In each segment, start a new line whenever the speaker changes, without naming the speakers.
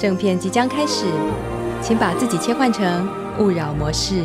正片即將開始，請把自己切換成勿擾模式。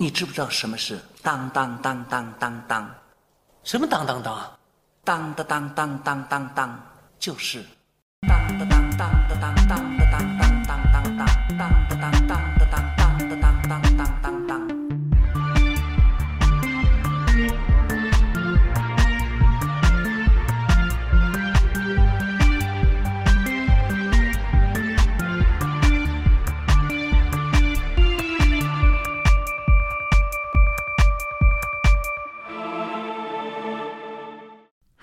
你知不知道什麼是當當當當當當？什麼當當當？當當當當當當當，就是當當當當當當當。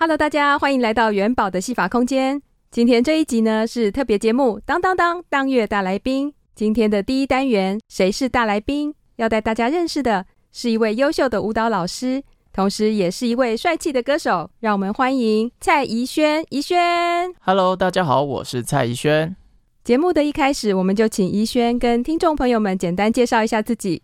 Hello，大家，歡迎來到媛寶的戲法空間。今天這一集呢，是特別節目，當當當當月大來賓。今天的第一單元，誰是大來賓？要帶大家認識的是一位優秀的舞蹈老師，同時也是一位帥氣的歌手。讓我們歡迎蔡宜軒，宜軒。
Hello，大家好，我是蔡宜軒。
節目的一開始，我們就請宜軒跟聽眾朋友們簡單介紹一下自己。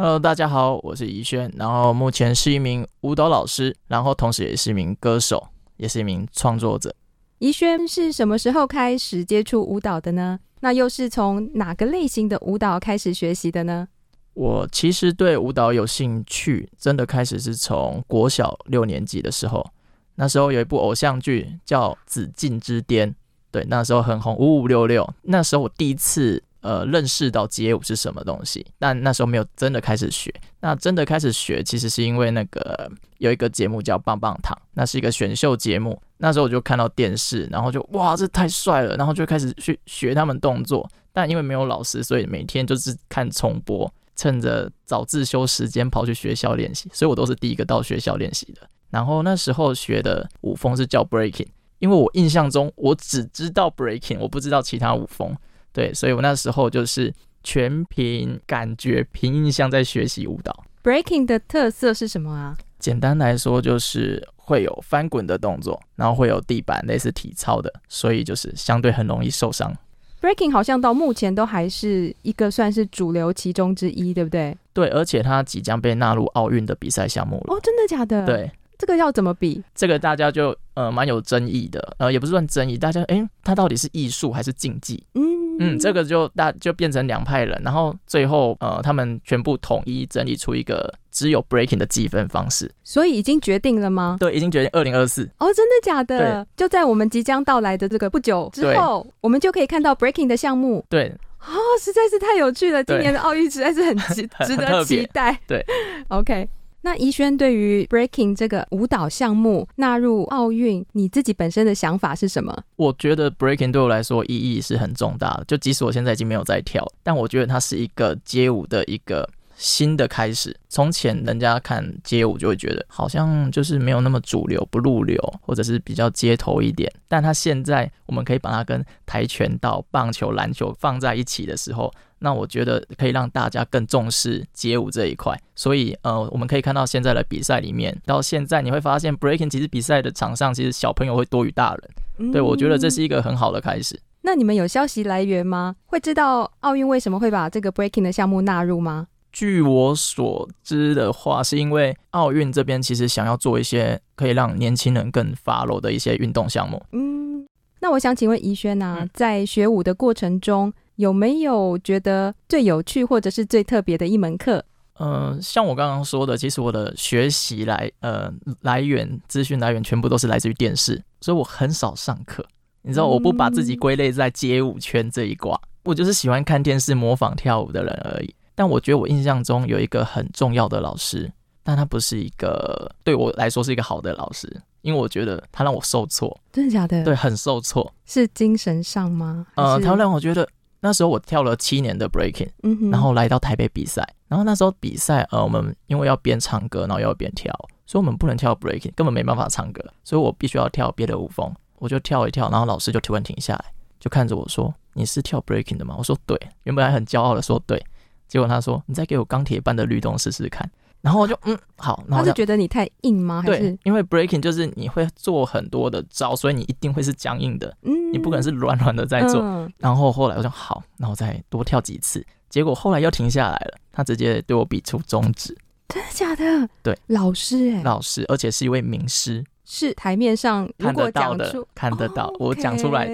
Hello，大家好，我是宜軒，然後目前是一名舞蹈老師，然後同時也是一名歌手，也是一名創作者。
宜軒是什麼時候開始接觸舞蹈的呢？那又是從哪個類型的舞蹈開始學習的呢？
我其實對舞蹈有興趣，真的開始是從國小六年級的時候，那時候有一部偶像劇叫《紫禁之巔》，對，那時候很紅，五五六六，那時候我第一次。呃，認識到街舞是什麼東西，但那時候沒有真的開始學。那真的開始學，其實是因為那個有一個節目叫《棒棒堂》，那是一個選秀節目。那時候我就看到電視，然後就哇，這太帥了，然後就開始去學他們動作。但因為沒有老師，所以每天就是看重播，趁着早自修時間跑去學校練習。所以我都是第一個到學校練習的。然後那時候學的舞風是叫 Breaking，因為我印象中我只知道 Breaking，我不知道其他舞風。對，所以我那時候就是全憑感覺、憑印象在學習舞蹈。
Breaking 的特色是什麼啊？
簡單來說，就是會有翻滾的動作，然後會有地板類似體操的，所以就是相對很容易受傷。
Breaking 好像到目前都還是一個算是主流其中之一，對不對？
對，而且它即將被納入奧運的比賽項目了。哦，oh, 真
的假的？對，這個要怎麼比？
這個大家就呃蠻有爭議的，呃，也不是算爭議，大家誒，它到底是藝術還是競技？嗯。嗯，這個就大就變成兩派了，然後最後呃，他們全部統一整理出一個只有 breaking 的計分方式，
所以已經決定了嗎？
對，已經決定二零二四。
哦，真的假的？對就在我們即將到來的這個不久之後，對我們就可以看到 breaking 的項目。對，哦，實在是太有趣了，今年的奧運實在是很值對值得期待。 對 ，OK。那宜軒對於 breaking 這個舞蹈項目納入奧運，你自己本身的想法是什麼？
我覺得 breaking 對我來說意義是很重大的。就即使我現在已經沒有在跳，但我覺得它是一個街舞的一個新的開始。從前人家看街舞就會覺得好像就是沒有那麼主流、不入流，或者是比較街頭一點。但它現在，我們可以把它跟跆拳道、棒球、籃球放在一起的時候。那我覺得可以讓大家更重視街舞這一塊，所以呃，我們可以看到現在的比賽裡面，到現在你會發現，breaking 其實比賽的場上其實小朋友會多於大人、嗯，對，我覺得這是一個很好的開始。
那你們有消息來源嗎？會知道奧運為什麼會把這個 breaking 的項目納入嗎？
據我所知的話，是因為奧運這邊其實想要做一些可以讓年輕人更發落的一些運動項目。嗯，
那我想請問宜軒呢，啊，嗯、在學舞的過程中，有沒有覺得最有趣或者是最特別的一門課？嗯、
呃，像我剛剛說的，其實我的學習來呃來源資訊來源全部都是來自於電視，所以我很少上課。你知道，我不把自己歸類在街舞圈這一掛，嗯、我就是喜歡看電視模仿跳舞的人而已。但我覺得我印象中有一個很重要的老師，但他不是一個對我來說是一個好的老師，因為我覺得他讓我受挫。真的假的？對，很受挫。
是精神上嗎？呃，他讓
我覺得。那時候我跳了七年的 breaking，然後來到台北比賽。然後那時候比賽，呃，我們因為要邊唱歌，然後要邊跳，所以我們不能跳 breaking，根本沒辦法唱歌，所以我必須要跳別的舞風。我就跳一跳，然後老師就突然停下來，就看着我說：“你是跳 breaking 的嗎？”我說：“對。”原本還很驕傲的說：“對。”結果他說：“你再給我鋼鐵般的律動試試看。”然後我就嗯好，然後就他就覺
得你太硬嗎？對，還
是因為 breaking 就是你會做很多的招，所以你一定會是僵硬的，嗯。你不可能是軟軟的在做。嗯、然後後來我就好，那我再多跳幾次，結果後來又停下來了，他直接對我比出中指。
真的假的？
對，老師、欸、老師，而且是一位名師。
是檯面上如果講的，
看得到，oh, okay. 我講出來，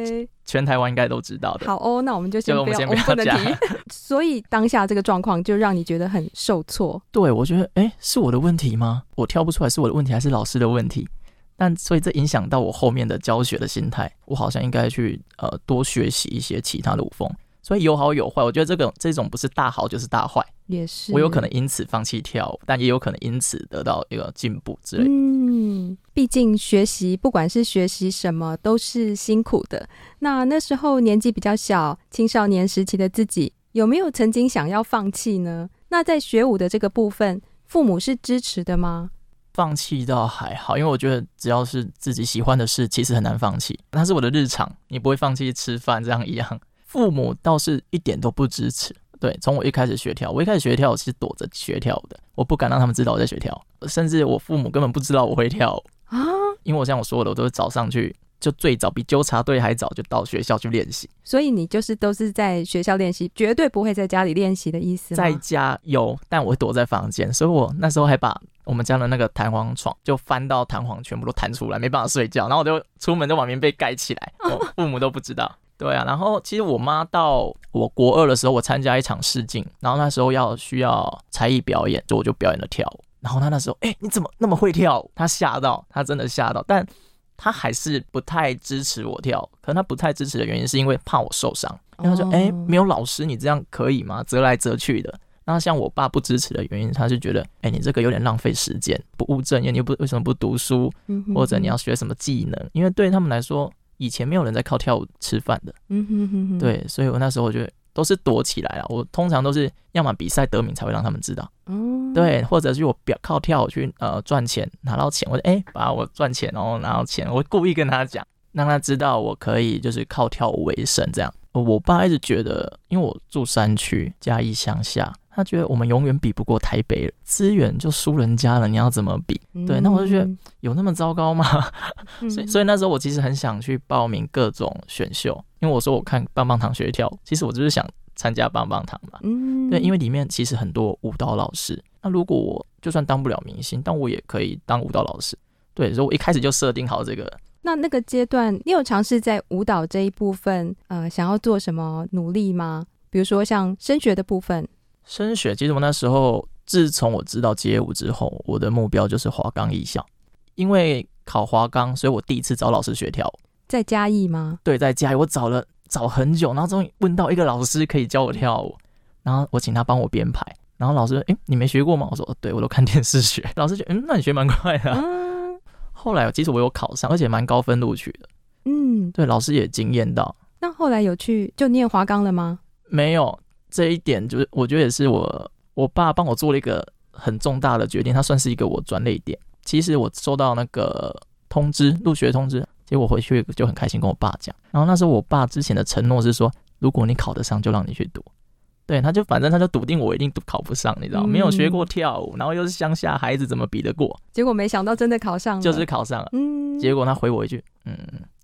全台灣應該都知道的。好
哦，那我們就先不要，就我們先不要講。所以當下這個狀況就讓你覺得很受挫。
對，我覺得哎、欸，是我的問題嗎？我跳不出來是我的問題還是老師的問題？但所以這影響到我後面的教學的心態，我好像應該去呃多學習一些其他的舞風。所以有好有壞，我覺得這種、個、這種不是大好就是大壞，也是。我有可能因此放棄跳舞，但也有可能因此得到一個進步之類
的。嗯，畢竟學習，不管是學習什麼，都是辛苦的。那那時候年紀比較小，青少年時期的自己有沒有曾經想要放棄呢？那在學舞的這個部分，父母是支持的
嗎？放棄倒還好，因為我覺得只要是自己喜歡的事，其實很難放棄。那是我的日常，你不會放棄吃飯這樣一樣。父母倒是一點都不支持。對，從我一開始學跳，我一開始學跳是躲着學跳的，我不敢讓他們知道我在學跳，甚至我父母根本不知道我會跳啊。因為我像我說的，我都是早上去，就最早比糾察隊還早就到學校去練習。
所以你就是都是在學校練習，絕對不會在家裡練習的意思嗎？在
家有，但我會躲在房間，所以我那時候還把我們家的那個彈簧床就翻到彈簧全部都彈出來，沒辦法睡覺，然後我就出門就把棉被蓋起來，我父母都不知道。 對啊，然後其實我媽到我國二的時候，我參加一場試鏡，然後那時候要需要才藝表演，就我就表演了跳舞。然後她那時候，哎、欸，你怎麼那麼會跳？她嚇到，她真的嚇到，但她還是不太支持我跳。可能她不太支持的原因，是因為怕我受傷，然後她說，哎、欸，沒有老師，你這樣可以嗎？折來折去的。那像我爸不支持的原因，他是覺得，哎、欸，你這個有點浪費時間，不務正業，你又不，為什麼不讀書？或者你要學什麼技能？因為對他們來說。以前沒有人在靠跳舞吃飯的，嗯哼
哼哼，對，
所以我那時候就都是躲起來了。我通常都是要麼比賽得名才會讓他們知道，哦、嗯，對，或者是我表靠跳舞去呃賺錢拿到錢，我就哎把、欸、我賺錢，然後拿到錢，我故意跟他講，讓他知道我可以就是靠跳舞為生這樣。我爸一直覺得，因為我住山區，嘉義鄉下。他覺得我們永遠比不過台北，資源就輸人家了。你要怎麼比？對，那我就覺得有那麼糟糕嗎？嗯、 所以，所以那時候我其實很想去報名各種選秀，因為我說我看棒棒堂學跳，其實我就是想參加棒棒堂嘛。嗯、對，因為裡面其實很多舞蹈老師。那如果我就算當不了明星，但我也可以當舞蹈老師。對，所以我一開始就設定好這個。
那那個階段，你有嘗試在舞蹈這一部分，呃，想要做什麼努力嗎？比如說像升學的部分。
升學，其實我那時候，自從我知道街舞之後，我的目標就是華岡藝校。因為考華岡，所以我第一次找老師學跳舞，
在嘉義嗎？
對，在嘉義，我找了找很久，然後終於問到一個老師可以教我跳舞，然後我請他幫我編排。然後老師說，誒、欸，你沒學過嗎？我說，對，我都看電視學。老師就，嗯，那你學蠻快的。嗯、後來，其實我有考上，而且蠻高分錄取的。嗯，對，老師也驚艷到。
那後來有去就念華岡了嗎？
沒有。這一點就是，我覺得也是我我爸幫我做了一個很重大的決定，他算是一個我轉捩點。其實我收到那個通知，入學通知，結果回去就很開心跟我爸講。然後那時候我爸之前的承諾是說，如果你考得上，就讓你去讀。對，他就反正他就篤定我一定考不上，你知道嗎？嗯、沒有學過跳舞，然後又是鄉下孩子，怎麼比得過？
結果沒想到真的考上了，就是
考上了。嗯，結果他回我一句，嗯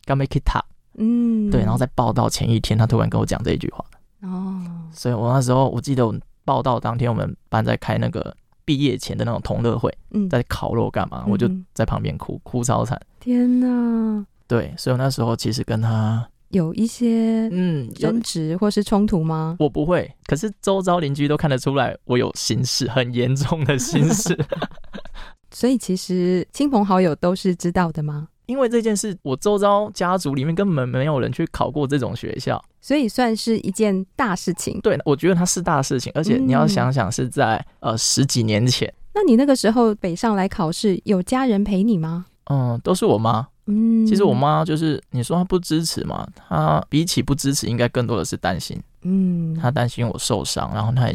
，GAMMA KITA，嗯，
對，然後
在報到前一天，他突然跟我講這一句話。哦，所以我那時候我記得我報到當天，我們班在開那個畢業前的那種同樂會，嗯，在烤肉幹嘛，我就在旁邊哭哭超慘。
天哪！
對，所以那時候其實跟他
有一些嗯爭執或是衝突嗎、嗯？
我不會，可是周遭鄰居都看得出來我有心事，很嚴重的心事。
所以其實親朋好友都是知道的嗎？
因為這件事，我周遭家族裡面根本沒有人去考過這種學校。
所以算是一件大事情。對，
我覺得它是大事情，而且你要想想是在、嗯、呃十幾年前。
那你那個時候北上來考試，有家人陪你嗎？嗯，
都是我媽。嗯，其實我媽就是你說她不支持嘛，她比起不支持，應該更多的是擔心。嗯，她擔心我受傷，然後她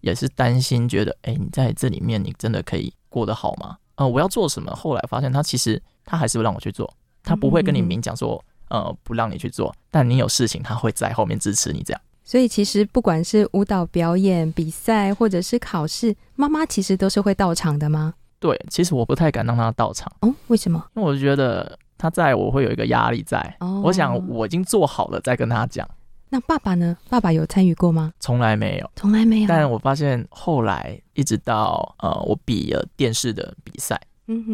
也是擔心，覺得誒，你在這裡面你真的可以過得好嗎？呃，我要做什麼？後來發現她其實她還是不讓我去做，她不會跟你明講說。嗯呃，不讓你去做，但你有事情，他會在後面支持你，這樣。
所以其實不管是舞蹈表演比賽，或者是考試，媽媽其實都是會到場的嗎？
對，其實我不太敢讓他到場。哦，為什麼？因為我就覺得他在我會有一個壓力在。哦，我想我已經做好了，再跟他講。
那爸爸呢？爸爸有參與過嗎？
從來沒有，從來沒有。但我發現後來一直到呃，我比了電視的比賽。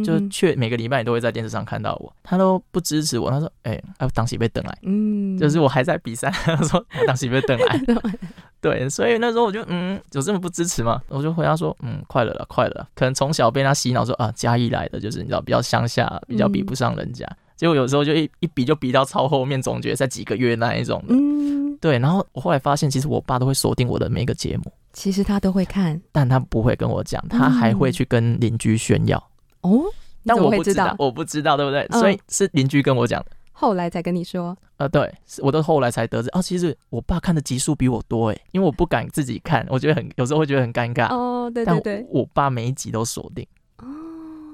就卻每個禮拜，你都會在電視上看到我。他都不支持我，他說：“哎、欸，哎、啊，當時被等來。”嗯，就是我還在比賽，他說、啊：“當時被等來。嗯”對，所以那時候我就嗯，有這麼不支持嗎？我就回答說：“嗯，快了了，快了。”可能從小被他洗腦說啊，嘉義來的就是你知道比較鄉下，比較比不上人家。嗯、結果有時候就一一比就比到超後面，總覺得在幾個月那一種嗯，對。然後我後來發現，其實我爸都會鎖定我的每個節目。
其實他都會看，
但他不會跟我講，他還會去跟鄰居炫耀。
哦，但我不知道，
我不知道，對不對？哦、所以是鄰居跟我講，
後來才跟你說，
呃，對，我都後來才得知。哦，其實我爸看的集數比我多、欸，誒，因為我不敢自己看，我覺得很，有時候會覺得很尷尬。哦，對
對對。但我，我
爸每一集都鎖定。哦，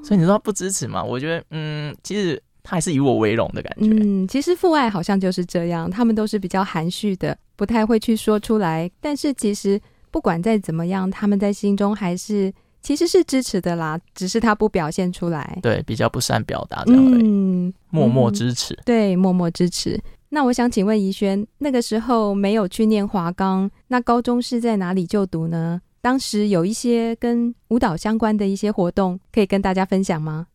所以你說他不支持嘛？我覺得，嗯，其實他還是以我為榮的感
覺。嗯，其實父愛好像就是這樣，他們都是比較含蓄的，不太會去說出來。但是其實不管再怎麼樣，他們在心中還是。其實是支持的啦，只是他不表現出來。
對，比較不善表達這樣而已。
嗯，默默支持、嗯。對，默默支持。那我想請問宜軒，那個時候沒有去念華岡，那高中是在哪裡就讀呢？當時有一些跟舞蹈相關的一些活動，可以跟大家分享嗎？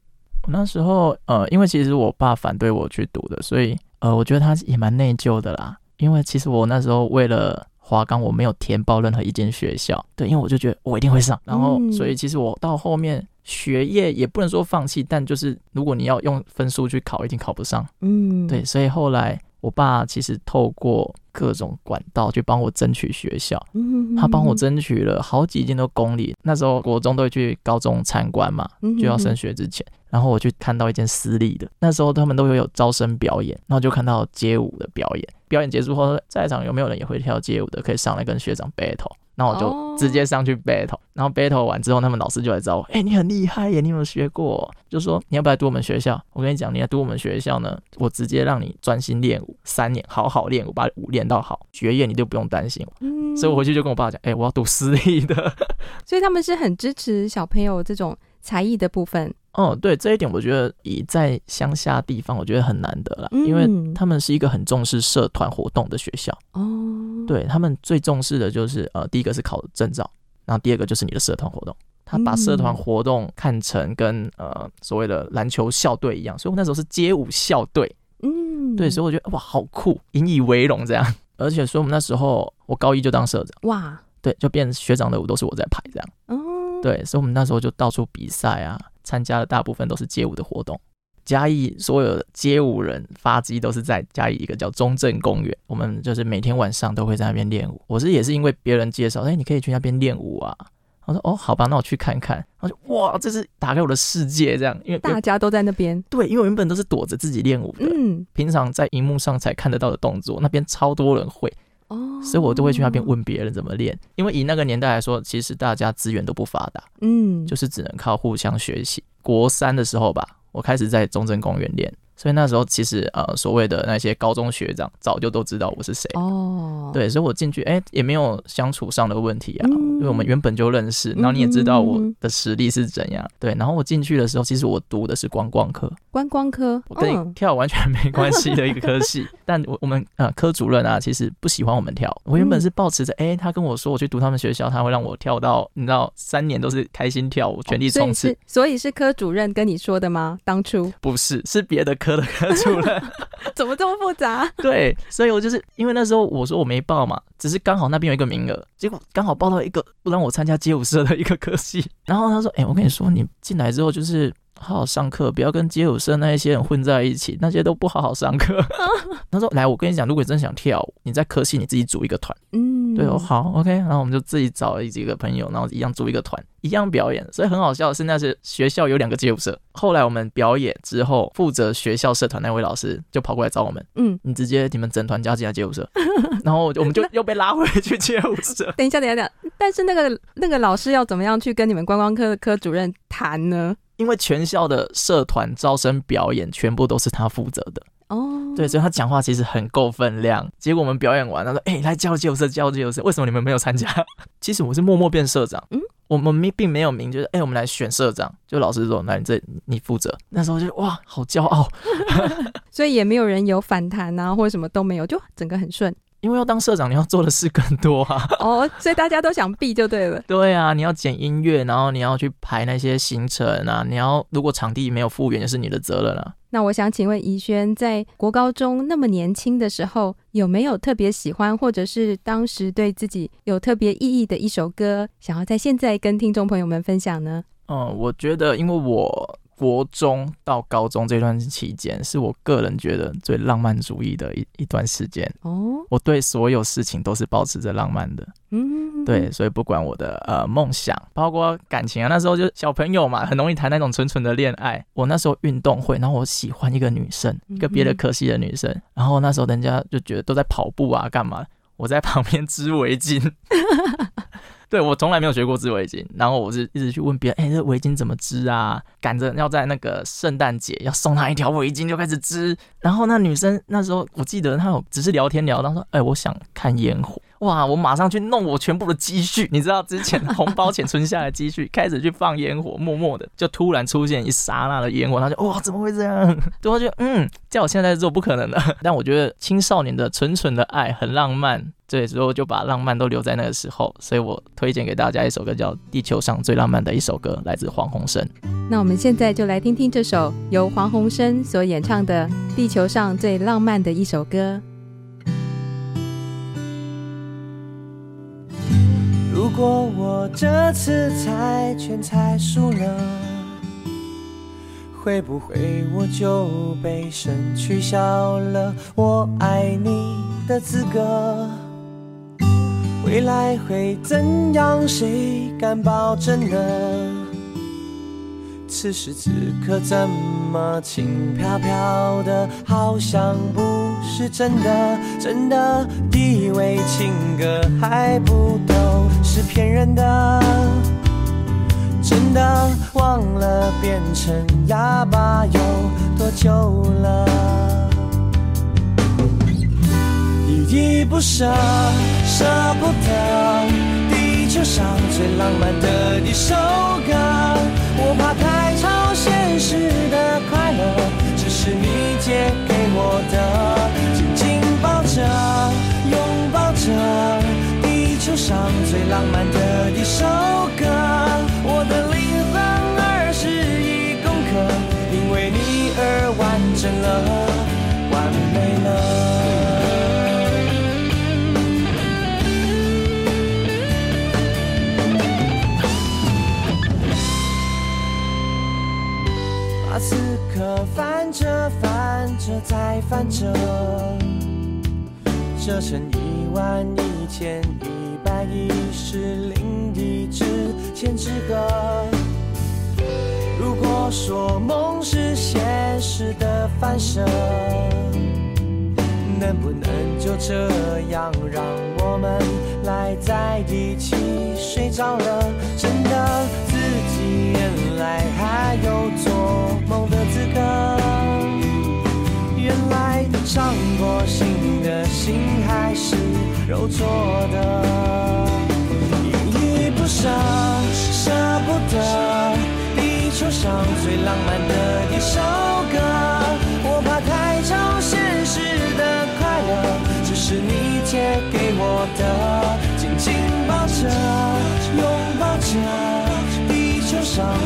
那時候，呃，因為其實我爸反對我去讀的，所以，呃，我覺得他也蠻內疚的啦。因為其實我那時候為了。華岡我沒有填報任何一間學校，對，因為我就覺得我一定會上，然後所以其實我到後面學業也不能說放棄，但就是如果你要用分數去考，一定考不上，嗯，對，所以後來我爸其實透過各種管道去幫我爭取學校，
嗯，他幫我
爭取了好幾間都公立。那時候國中都會去高中參觀嘛，就要升學之前。然後我去看到一間私立的，那時候他們都有有招生表演，然後就看到街舞的表演。表演結束後，在場有沒有人也會跳街舞的，可以上來跟學長 battle。然後我就直接上去 battle。然後 battle 完之後，他們老師就來找我，欸，你很厲害耶，你有沒有學過？就說你要不要讀我們學校？我跟你講，你要讀我們學校呢，我直接讓你專心練舞三年，好好練舞，把舞練到好，學業你就不用擔心。嗯，所以我回去就跟我爸講，欸，我要讀私立的。
所以他們是很支持小朋友這種才藝的部
分。哦、嗯，對這一點，我覺得以在鄉下地方，我覺得很難得了，嗯、因為他們是一個很重視社團活動的學校。哦，對，他們最重視的就是呃，第一個是考證照，然後第二個就是你的社團活動。他把社團活動看成跟、嗯、呃所謂的籃球校隊一樣，所以我們那時候是街舞校隊。嗯，
對，所以
我覺得哇，好酷，引以為榮這樣。而且所以我們那時候，我高一就當社長。哇，對，就變學長的舞都是我在排這樣。哦，對，所以我們那時候就到處比賽啊。參加的大部分都是街舞的活動。嘉義所有的街舞人發跡都是在嘉義一個叫中正公園，我們就是每天晚上都會在那邊練舞。我是也是因為別人介紹，哎、欸，你可以去那邊練舞啊。我說哦，好吧，那我去看看。我就哇，這是打開我的世界，這樣，因為大家都在那邊。對，因為我原本都是躲着自己練舞的，嗯，平常在熒幕上才看得到的動作，那邊超多人會。哦，所以我都會去那邊問別人怎麼練，因為以那個年代來說，其實大家資源都不發達，嗯，就是只能靠互相學習。國三的時候吧，我開始在中正公園練。所以那時候其實呃，所謂的那些高中學長早就都知道我是誰哦。Oh. 對，所以我進去哎、欸、也沒有相處上的問題啊，mm. 因為我們原本就認識。然後你也知道我的實力是怎樣，mm. 對。然後我進去的時候，其實我讀的是觀光科，
觀光科對、oh. 我跟你
跳完全沒關係的一個科系。 但我我們呃科主任啊，其實不喜歡我們跳。我原本是抱持着哎、mm. 欸，他跟我說我去讀他們學校，他會讓我跳到你知道三年都是開心跳舞，oh. 全力衝刺所
以是。所以是科主任跟你說的嗎？當初
不是，是別的科。科的科出來， 怎麼這麼複雜？ 對，所以我就是因為那時候我說我沒報嘛，只是剛好那邊有一個名額，結果剛好報到一個不讓我參加街舞社的一個科系，然後他說：“哎，我跟你說，你進來之後就是。”好好上課，不要跟街舞社那一些人混在一起，那些都不好好上課。他 說：“來，我跟你講，如果你真想跳舞，你在科系你自己組一個團。”
嗯，對哦，
好，OK。然後我們就自己找一幾個朋友，然後一樣組一個團，一樣表演。所以很好笑的是，那是學校有兩個街舞社。後來我們表演之後，負責學校社團那位老師就跑過來找我們。嗯，你直接你們整團加進來街舞社，嗯、 然後我們就又被拉回去街舞社。等一下，
等一下，等，但是那個那個老師要怎麼樣去跟你們觀光科的科主任談呢？
因為全校的社團招生表演全部都是他負責的哦，oh. 對，所以他講話其實很夠分量。結果我們表演完，他說：“哎、欸，來交接社，交接社，為什麼你們沒有參加？” 其實我是默默變社長，嗯，我們並沒有名，就是哎、欸，我們來選社長。就老師說：“來，你這你負責。”
那時候就哇，
好驕傲，
所以也沒有人有反彈啊，或者什麼都沒有，就整個很順。
因為要當社長，你要做的事更多啊！
哦，oh, 所以大家都想避就對了。
對啊，你要剪音樂，然後你要去排那些行程啊，你要如果場地沒有復原，員、就、也是你的責任了、啊。
那我想請問宜軒，在國高中那麼年輕的時候，有沒有特別喜歡或者是當時對自己有特別意義的一首歌，想要在現在跟聽眾朋友們分享呢？嗯，
我覺得因為我。國中到高中這段期間，是我個人覺得最浪漫主義的一一段時間。哦，oh. 我對所有事情都是保持着浪漫的。嗯、
mm，hmm. 對，
所以不管我的呃夢想，包括感情啊，那時候就小朋友嘛，很容易談那種純純的戀愛。我那時候運動會，然後我喜歡一個女生，一個別的科系的女生。Mm hmm. 然後那時候人家就覺得都在跑步啊，幹嘛？我在旁邊織圍巾。 對，我從來沒有學過織圍巾，然後我是一直去問別人，哎、欸，這圍巾怎麼織啊？趕着要在那個聖誕節要送她一條圍巾，就開始織。然後那女生那時候，我記得她有只是聊天聊到說，哎、欸，我想看煙火。哇！我馬上去弄我全部的積蓄，你知道之前紅包錢存下來積蓄， 開始去放煙火，默默的就突然出現一剎那的煙火，然後就哇，怎麼會這樣？然後就嗯，叫我現在做不可能的，但我覺得青少年的純純的愛很浪漫，對，所以就把浪漫都留在那個時候，所以我推薦給大家一首歌，叫《地球上最浪漫的一首歌》，來自黃宏生。
那我們現在就來聽聽這首由黃宏生所演唱的《地球上最浪漫的一首歌》。
如果我這次猜拳猜輸了，會不會我就被神取消了我愛你的資格？未來會怎樣？誰敢保證呢？此時此刻怎麼輕飄飄的，好像不是真的，真的以為情歌還不都是騙人的？真的忘了變成啞巴有多久了？依依不捨，捨不得地球上最浪漫的一首歌，我怕。我現實的快樂，只是你借給我的。緊緊抱着，擁抱着，地球上最浪漫的一首歌。我的靈魂二十一公克，因為你而完整了。翻着翻着再翻着，折成一萬一千一百一十零一隻千紙鶴。如果說夢是現實的反射，能不能就這樣讓我們賴在一起睡着了？真的。原來還有做夢的資格，原來都唱過心的心還是肉做的，猶豫不捨捨不得，地球上最浪漫的一首歌，我怕太超現實的快樂，只是你借給我的，緊緊抱着，擁抱着。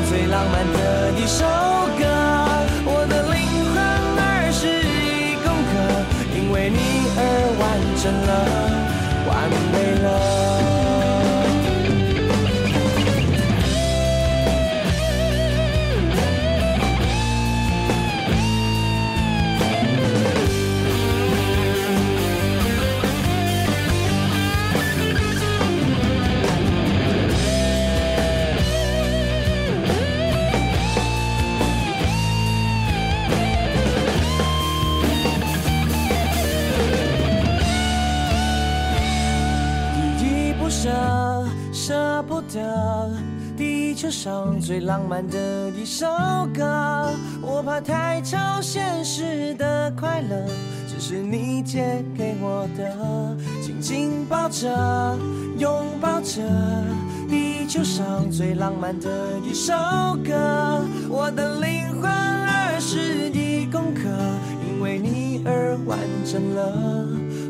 最浪漫的一生。地球上最浪漫的一首歌，我怕太超現實的快樂，只是你借給我的，緊緊抱着，擁抱着。地球上最浪漫的一首歌，我的
靈魂二十
一公克，因為你而完整了，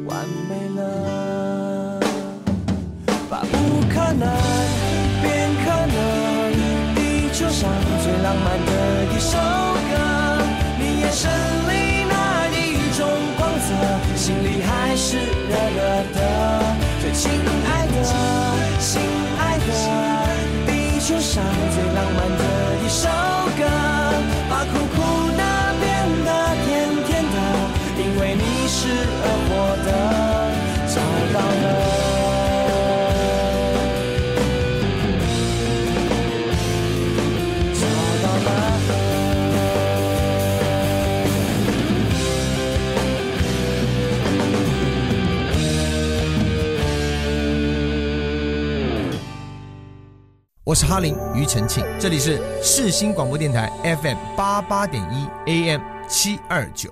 完美了，把不可能變可能。最浪漫的一首歌，你眼神裡那一種光澤，心裡還是熱熱的。最親愛的，親愛的，地球上最浪漫的一首歌，
把苦苦的變得甜甜的，因為你是而獲的。找到了。
我是哈林，庾澄慶，這裡是世新廣播電台 FM 八八點一 AM 七二九。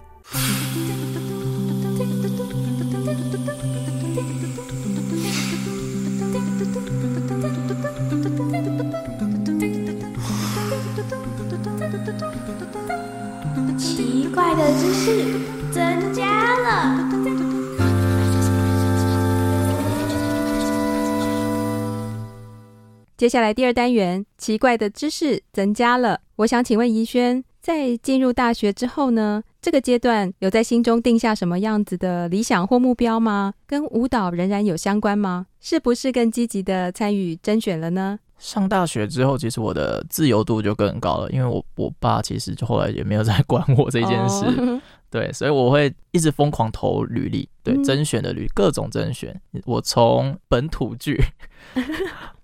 接下來第二單元，奇怪的知識增加了。我想請問宜軒，在進入大學之後呢，這個階段有在心中定下什麼樣子的理想或目標嗎？跟舞蹈仍然有相關嗎？是不是更積極地參與甄選了呢？
上大學之後，其實我的自由度就更高了，因為我我爸其實就後來也沒有再管我這件事。Oh. 對，所以我會一直瘋狂投履歷，對甄選的履，嗯、各種甄選。我從本土劇，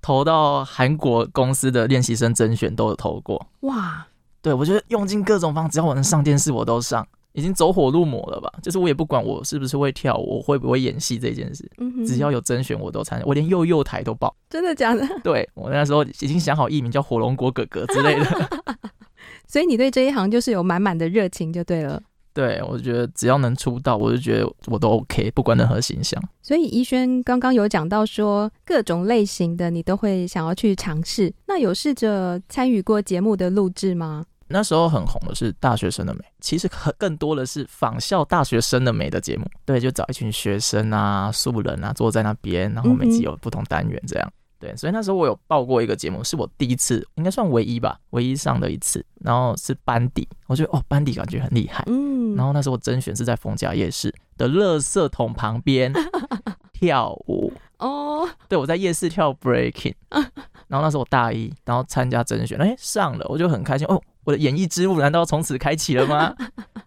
投到韓國公司的練習生甄選都有投過。哇！對，我覺得用盡各種方，只要我能上電視，我都上，已經走火入魔了吧？就是我也不管我是不是會跳舞，我會不會演戲這件事，嗯、哼只要有甄選我都參加，我連幼幼台都報。
真的假的？
對，我那時候已經想好藝名叫火龍果哥哥之類的。
所以你對這一行就是有滿滿的熱情就對了。
對，我覺得只要能出道，我就覺得我都 OK，不管任何形象。
所以宜軒剛剛有講到說，各種類型的你都會想要去嘗試。那有試着參與過節目的錄制嗎？
那時候很紅的是《大學生的美》，其實更更多的是仿效《大學生的美》的節目。對，就找一群學生啊、素人啊坐在那邊，然後每集有不同單元這樣。嗯嗯。.對，所以那時候我有報過一個節目，是我第一次，應該算唯一吧，唯一上的一次。然後是班底，我覺得哦，班底感覺很厲害。嗯。然後那時候我甄選是在逢甲夜市的垃圾桶旁邊跳舞哦。對，我在夜市跳 breaking。然後那時候我大一，然後參加甄選，哎，上了，我就很開心哦，我的演藝之路難道從此開啟了嗎？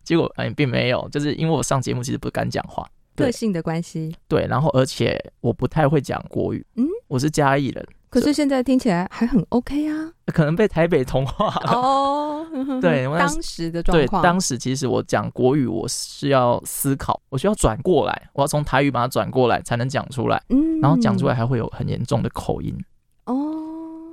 結果哎，並沒有，就是因為我上節目其實不敢講話。個對性
的關係，
對，然後而且我不太會講國語，嗯，我是嘉義人，
可是現在聽起來還很 OK 啊，
可能被台北同化哦。Oh,
對，當時的狀況，對，當時
其實我講國語，我是要思考，我需要轉過來，我要從台語把它轉過來才能講出來，嗯，然後講出來還會有很嚴重的口音。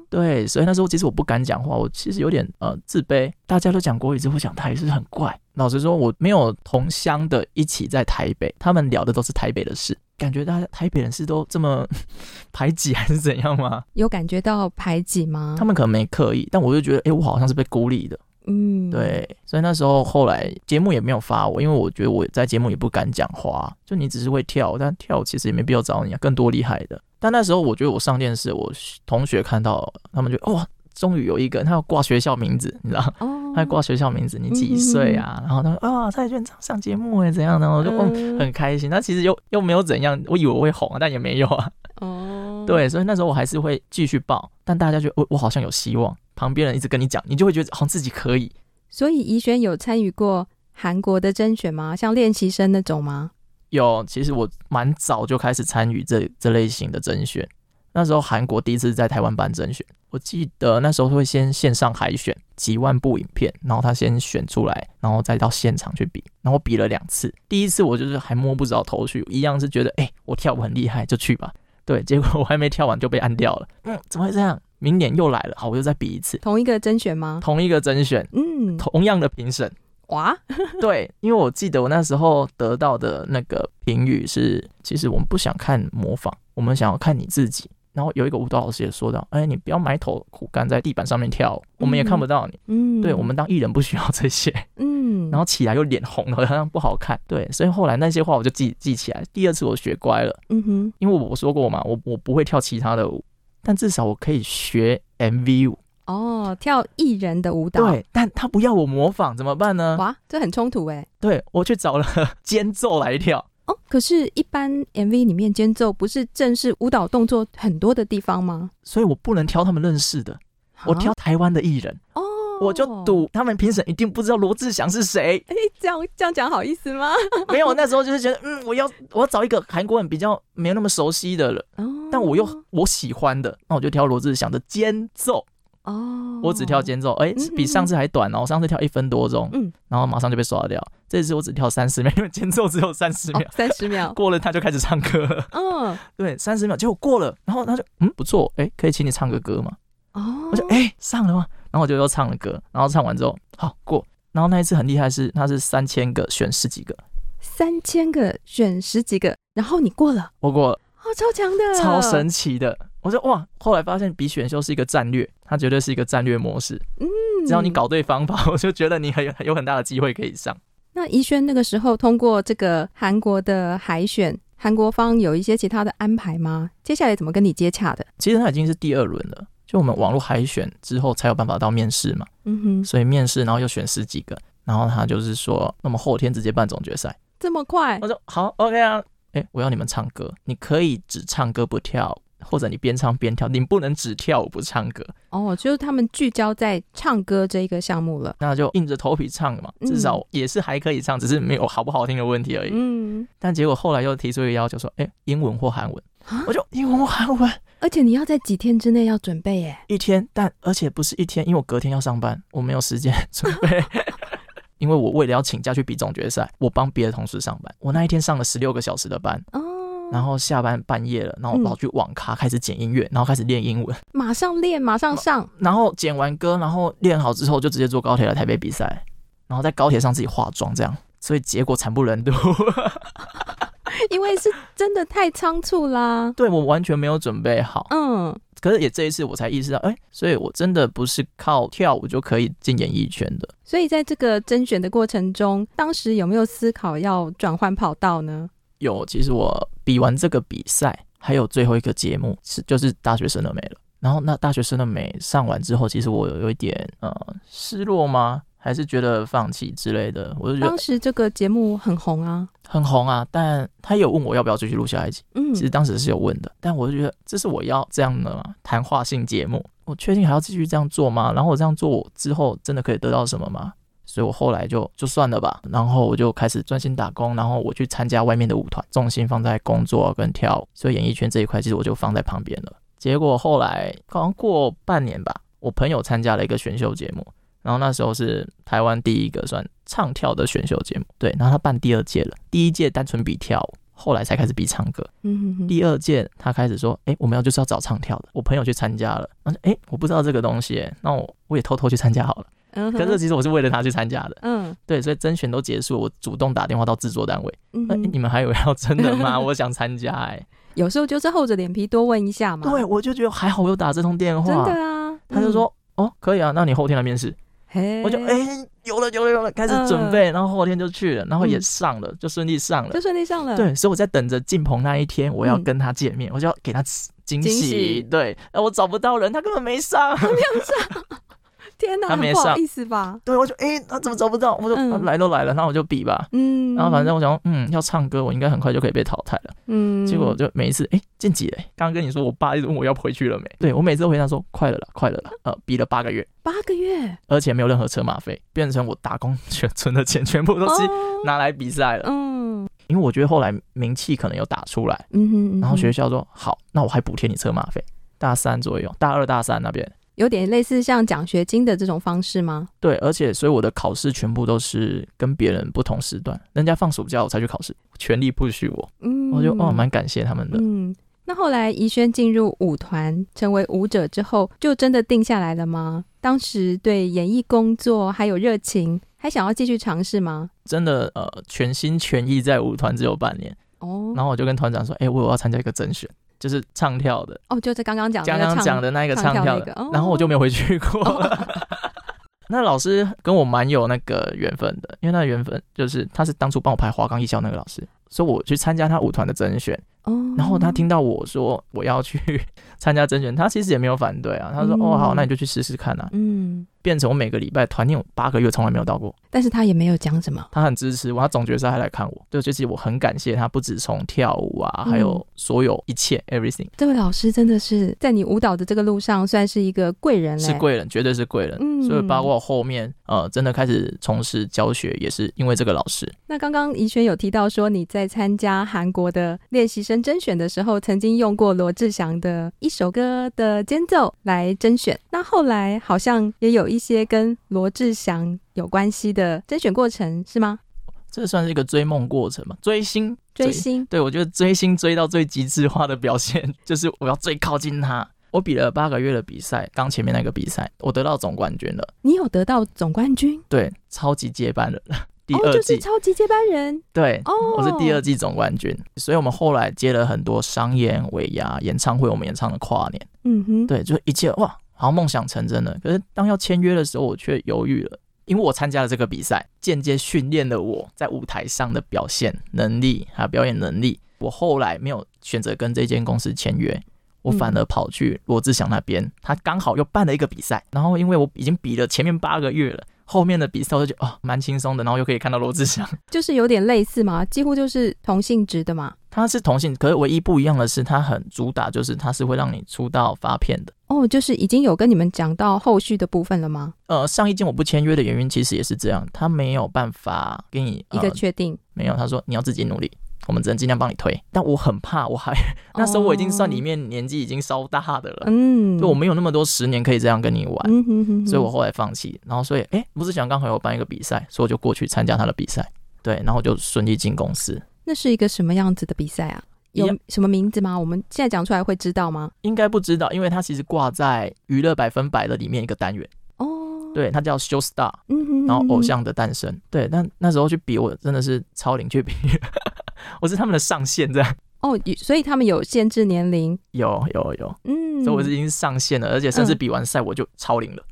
對，所以那時候其實我不敢講話，我其實有點呃自卑。大家都講國語，就我講台語是很怪。老實說，我沒有同鄉的一起在台北，他們聊的都是台北的事，感覺大家台北人是都這麼 排擠還是怎樣嗎？啊？
有感覺到排擠嗎？他們
可能沒刻意，但我就覺得，哎、欸，我好像是被孤立的。
嗯，對，
所以那時候後來節目也沒有發我，因為我覺得我在節目也不敢講話，就你只是會跳，但跳其實也沒必要找你，啊，更多厲害的。但那時候我覺得我上電視，我同學看到他們就哇，終、哦、於有一個他要掛學校名字，你知道嗎？哦、他要掛學校名字，你幾歲啊、嗯然哦？然後他說啊，蔡宜軒上節目哎，怎樣呢？我就嗯,嗯很開心。那其實又又沒有怎樣，我以為我會紅、啊，但也沒有啊。哦，對，所以那時候我還是會繼續報，但大家覺得我我好像有希望，旁邊人一直跟你講，你就會覺得好像自己可以。
所以宜軒有參與過韓國的甄選嗎？像練習生那種嗎？
有，其實我蠻早就開始參與這這類型的甄選。那時候韓國第一次在台灣辦甄選，我記得那時候會先線上海選幾萬部影片，然後他先選出來，然後再到現場去比。然後比了兩次，第一次我就是還摸不着頭緒，一樣是覺得哎、欸，我跳舞很厲害就去吧。對，結果我還沒跳完就被按掉了。嗯，怎麼會這樣？明年又來了，好，我就再比一次。同
一個甄選嗎？
同一個甄選，嗯，同樣的評審。哇， 對，因為我記得我那時候得到的那個評語是，其實我們不想看模仿，我們想要看你自己。然後有一個舞蹈老師也說到，哎、欸，你不要埋頭苦幹在地板上面跳，我們也看不到你。嗯，嗯對，我們當藝人不需要這些。嗯，
然後
起來又臉紅了，好像不好看。對，所以後來那些話我就記記起來。第二次我學乖了。嗯哼，因為我我說過嘛，我我不會跳其他的舞，但至少我可以學 MV 舞。
哦，oh, 跳藝人的舞蹈。對，
但他不要我模仿，怎麼辦呢？哇，
這很衝突哎。
對，我去找了間奏來跳。
哦，oh, 可是一般 MV 裡面間奏不是正式舞蹈動作很多的地方嗎？
所以我不能挑他們認識的，Huh? 我挑台灣的藝人。哦，oh. 我就賭他們評審一定不知道羅志祥是誰？哎，這樣這樣講好意思嗎？ 沒有，我那時候就是覺得，嗯，我要我要找一個韓國人比較沒有那麼熟悉的了，oh. 但我又我喜歡的，那我就挑羅志祥的間奏。哦，oh, 我只跳間奏，哎、欸，比上次還短哦。我、mm hmm. 上次跳一分多鐘，嗯、mm，hmm. 然後馬上就被刷掉。這次我只跳三十秒，因為間奏只有三十秒，三十、oh, 秒 過了他就開始唱歌了，嗯，oh. 對，三十秒結果過了，然後他就嗯不錯，哎、欸，可以請你唱個歌嗎？哦，oh. 我就哎、欸、上了嗎？然後我就又唱了歌，然後唱完之後好過，然後那一次很厲害是他是三千個選十幾個，
三千個選十幾個，然後你過了，
我過了，
哦、oh, 超強的，超神
奇的。我說哇，後來發現比選秀是一個戰略，它絕對是一個戰略模式。
嗯，只要你搞
對方法，我就覺得你還有有很大的機會可以上。
那宜軒那個時候通過這個韓國的海選，韓國方有一些其他的安排嗎？接下來怎麼跟你接洽的？
其實它已經是第二輪了，就我們網絡海選之後才有辦法到面試嘛。嗯哼，所以面試然後又選十幾個，然後他就是說，那麼後天直接辦總決賽，這麼快？我說好，OK 啊，哎，我要你們唱歌，你可以只唱歌不跳。或者你邊唱邊跳，你不能只跳舞不唱歌
哦。Oh, 就是他們聚焦在唱歌這一個項目了，
那就硬着頭皮唱嘛，至少也是還可以唱，嗯、只是沒有好不好聽的問題而已。嗯。但結果後來又提出一個要求，說：“哎、欸，英文或韓文。蛤”
我就英文或韓文，而且你要在幾天之內要準備耶。
一天，但而且不是一天，因為我隔天要上班，我沒有時間準備， 因為我為了要請假去比總決賽，我幫別的同事上班，我那一天上了十六個小時的班。哦。Oh. 然後下班半夜了，然後跑去網咖開始剪音樂，嗯、然後開始練英文，馬上練，馬上上。然後剪完歌，然後練好之後就直接坐高鐵來台北比賽，然後在高鐵上自己化妝，這樣，所以結果慘不忍睹。
因為是真的太倉促啦，
對，我完全沒有準備好。嗯，可是也這一次我才意識到，哎，所以我真的不是靠跳舞就可以進演藝圈的。
所以在這個甄選的過程中，當時有沒有思考要轉換跑道呢？
有，其實我比完這個比賽，還有最後一個節目是就是大學生了沒了。然後那大學生了沒上完之後，其實我有一點呃失落嗎？還是覺得放棄之類的？我就覺得當時
這個節目很紅啊，
很紅啊。但他也有問我要不要繼續錄下一集，嗯，其實當時是有問的。但我就覺得這是我要這樣的談話性節目，我確定還要繼續這樣做嗎？然後我這樣做之後真的可以得到什麼嗎？所以我後來就就算了吧，然後我就開始專心打工，然後我去參加外面的舞團，重心放在工作跟跳舞，所以演藝圈這一塊其實我就放在旁邊了。結果後來剛過半年吧，我朋友參加了一個選秀節目，然後那時候是台灣第一個算唱跳的選秀節目，對，然後他辦第二屆了，第一屆單純比跳舞，後來才開始比唱歌。嗯哼，第二屆他開始說，誒，我們要就是要找唱跳的，我朋友去參加了，他誒，我不知道這個東西，欸，那我我也偷偷去參加好了。可是其實我是為了他去參加的，嗯，對，所以甄選都結束，我主動打電話到制作單位，那你們還有要徵的嗎？我想參加，哎，
有時候就是厚着臉皮多問一下嘛。對，我就覺得還好，
我有打這通電話，真的啊。他就說，哦，可以啊，那你後天來面試。我就哎，有了有了有了，開始準備，然後後天就去了，然後也上了，就順利上了，就順利上了。對，所以我在等着進棚那一天，我要跟他見面，我就要給他驚喜。對，哎，我找不到人，他根本沒上，天哪，不好意思吧？對，我說，哎，他怎麼找不到？我說，來都來了，那我就比吧。嗯，然後反正我想，嗯，要唱歌，我應該很快就可以被淘汰了。嗯，結果就每一次，哎，晉級了。剛剛跟你說，我爸一直問我要回去了沒？對，我每次回答說，快了啦，快了啦。呃，比了八個月，八個月，而且沒有任何車馬費，變成我打工全存的錢，全部都是拿來比賽
了。
嗯，因為我覺得後來名氣可能有打出來，嗯，然後學校說好，那我還補貼你車馬費，大三左右，大二大三那邊。
有點類似像獎學金的這種方式嗎？
對，而且所以我的考試全部都是跟別人不同時段，人家放暑假我才去考試，全力不許我。嗯，我就哦，蠻感謝他們的。
嗯，那後來宜軒進入舞團成為舞者之後，就真的定下來了嗎？當時對演藝工作還有熱情，還想要繼續嘗試嗎？
真的呃，全心全意在舞團只有半年。哦，然後我就跟團長說，哎、欸，我我要參加一個甄選。就是唱跳的
哦，就是剛剛講剛剛講的那個唱跳的，跳那個哦、然
後我就沒回去過了。哦、 那老師跟我蠻有那個緣分的，因為那緣分就是他是當初幫我排華岡藝校那個老師，所以我去參加他舞團的甄選。Oh, 然後他聽到我說我要去參加甄選，他其實也沒有反對啊。他說：“嗯、哦好，那你就去試試看啊。”嗯，變成我每個禮拜團練，我八個月從來沒有到過。
但是他也沒有講什麼，
他很支持我。他總決賽還來看我，對，其實我很感謝他。不止從跳舞啊，嗯、還有所有一切 everything。
這位老師真的是在你舞蹈的這個路上算是一個貴人了、欸，是貴
人，絕對是貴人。嗯、所以包括我後面呃，真的開始從事教學，也是因為這個老師。
那剛剛宜軒有提到說你在參加韓國的練習生。甄選的時候曾經用過羅志祥的一首歌的間奏來甄選，那後來好像也有一些跟羅志祥有關係的甄選過程，是嗎？
這算是一個追夢過程嘛？追星？追星？對，我覺得追星追到最極致化的表現就是我要最靠近他。我比了八個月的比賽，剛前面那個比賽我得到總冠軍了。
你有得到總冠軍？
對，超級接班人。第二屆、oh, 就是超
級接班人
對，oh. 我是第二屆總冠軍，所以我們後來接了很多商演、尾牙、演唱會，我們演唱的跨年，嗯哼、mm，hmm. 對，就一切哇，好像夢想成真了。可是當要簽約的時候，我卻猶豫了，因為我參加了這個比賽，間接訓練了我在舞台上的表現能力還有表演能力。我後來沒有選擇跟這間公司簽約，我反而跑去羅志祥那邊，mm hmm. 他剛好又辦了一個比賽，然後因為我已經比了前面八個月了。後面的比賽就覺啊蠻輕鬆的，然後又可以看到羅志祥，
就是有點類似嘛，幾乎就是同性質的嘛。
他是同性，可是唯一不一樣的是，他很主打就是他是會讓你出道發片的。
哦，oh, 就是已經有跟你們講到後續的部分了嗎？
呃，上一季我不簽約的原因其實也是這樣，他沒有辦法給你、呃、一個確定，沒有，他說你要自己努力。我們只能盡量幫你推，但我很怕，我還、oh. 那時候我已經算裡面年紀已經稍大的了，嗯，mm. 就我沒有那麼多十年可以這樣跟你玩，mm hmm. 所以我後來放棄。然後所以，哎、欸，不是想剛好我辦一個比賽，所以我就過去參加他的比賽，對，然後我就順利進公司。
那是一個什麼樣子的比賽啊？有什麼名字嗎？Yeah. 我們現在講出來會知道嗎？
應該不知道，因為他其實掛在娛樂百分百的裡面一個單元哦。Oh. 對，他叫 Show Star，嗯，然後偶像的誕生。Mm hmm. 對，那那時候去比，我真的是超齡去比。 我是他們的上限，這樣
哦，oh, 所以他們有限制年齡，
有有有，嗯，所以我是已經上限了，而且甚至比完賽我就超齡了，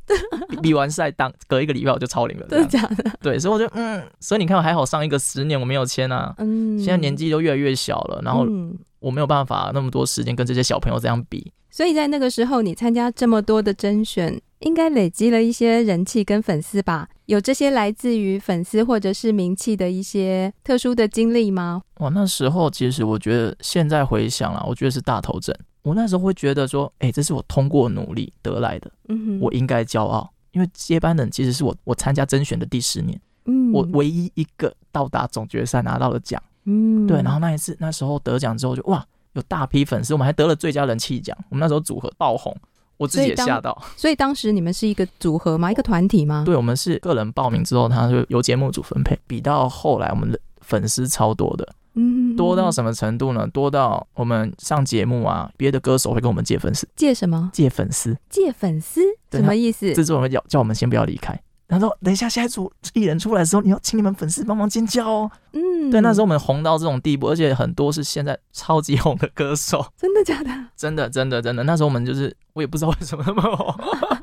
嗯、 比完賽當隔一個禮拜我就超齡了，真的假的？對，所以我就嗯，所以你看我還好上一個十年我沒有簽啊，嗯，現在年紀都越來越小了，然後我沒有辦法那麼多時間跟這些小朋友這樣比，
所以在那個時候你參加這麼多的徵選。應該累積了一些人氣跟粉絲吧？有這些來自於粉絲或者是名氣的一些特殊的經歷嗎？
哇，那時候其實我覺得現在回想啊，我覺得是大頭陣。我那時候會覺得說，哎、欸，這是我通過努力得來的，嗯哼我應該驕傲，因為接班人其實是我，我參加甄選的第十年，嗯，我唯一一個到達總決賽拿到了獎，
嗯，對。然後
那一次，那時候得獎之後就哇，有大批粉絲，我們還得了最佳人氣獎，我們那時候組合爆紅。我自己也嚇到所，
所以當時你們是一個組合嗎？一個團體嗎？
對，我們是個人報名之後，他就由節目組分配。比到後來，我們的粉絲超多的，
嗯，多到什
麼程度呢？多到我們上節目啊，別的歌手會跟我們借粉絲，借什麼？借粉絲，借粉絲，對什麼意思？製作人我們要叫，叫我們先不要離開。他說：“等一下，下一組藝人出來的時候，你要請你們粉絲幫忙尖叫哦。”嗯，對，那時候我們紅到這種地步，而且很多是現在超級紅的歌手。真的假的？真的真的真的。那時候我們就是，我也不知道為什麼那麼紅，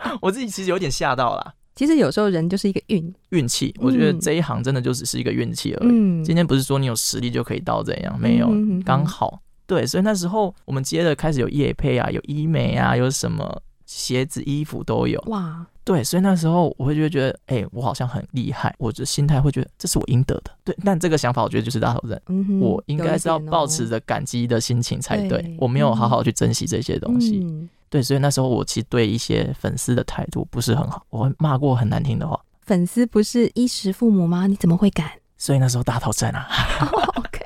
啊、 我自己其實有點嚇到了。
其實有時候人就是一個運
運氣，我覺得這一行真的就只是一個運氣而已。嗯。今天不是說你有實力就可以到這樣，沒有，嗯嗯、剛好對。所以那時候我們接着開始有業配啊，有醫美啊，有什麼鞋子、衣服都有哇。對，所以那時候我會覺得，哎、欸，我好像很厲害，我的心態會覺得這是我應得的。對，但這個想法我覺得就是大頭症，嗯、哼我應該是要抱持著感激的心情才對。哦、對，我沒有好好去珍惜這些東西。嗯、對，所以那時候我其實對一些粉絲的態度不是很好，我會罵過很難聽的話。
粉絲不是衣食父母嗎？你怎麼會敢？
所以那時候大頭症啊。 oh, OK。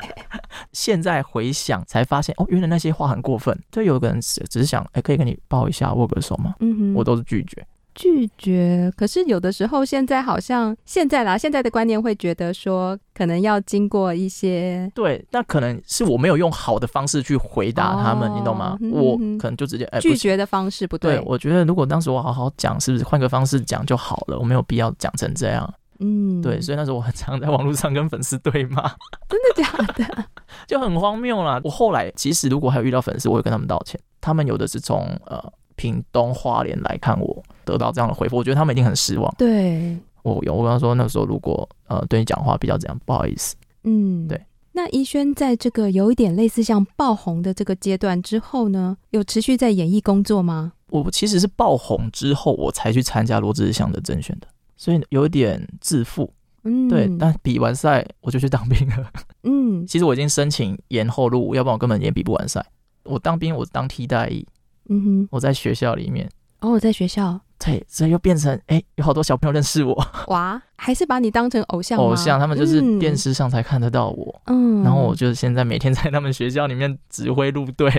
現在回想才發現，哦，原來那些話很過分。就有個人只是想，哎、欸，可以跟你抱一下、握個手嗎？嗯哼，我都是拒絕。
拒絕，可是有的時候現在好像現在啦，現在的觀念會覺得說，可能要經過一些
對，那可能是我沒有用好的方式去回答他們，哦、你懂嗎？我可能就直接拒絕
的方式不對。哎、不行。
對，我覺得如果當時我好好講，是不是換個方式講就好了？我沒有必要講成這樣。嗯，對，所以那時候我很常在網絡上跟粉絲對罵，真的假的？ 就很荒謬啦。我後來其實如果還有遇到粉絲，我會跟他們道歉。他們有的是從呃，屏東花蓮來看我，得到這樣的回復，我覺得他們一定很失望。對，我有我跟他說，那時候如果呃對你講話比較怎樣，不好意思。嗯，對。
那宜軒在這個有一點類似像爆紅的這個階段之後呢，有持續在演藝工作嗎？
我其實是爆紅之後我才去參加羅志祥的甄選的，所以有一點自負。嗯，對。但比完賽我就去當兵了。嗯，其實我已經申請延後入伍，要不然我根本也比不完賽。我當兵，我當替代役嗯、mm hmm. 我在學校裡面，
然後我，oh, 在學校，
對，所以又變成哎、欸，有好多小朋友認識我
哇，還是把你當成偶像？偶像，他
們就是電視上才看得到我，
嗯，然後我
就現在每天在他們學校裡面指揮入隊。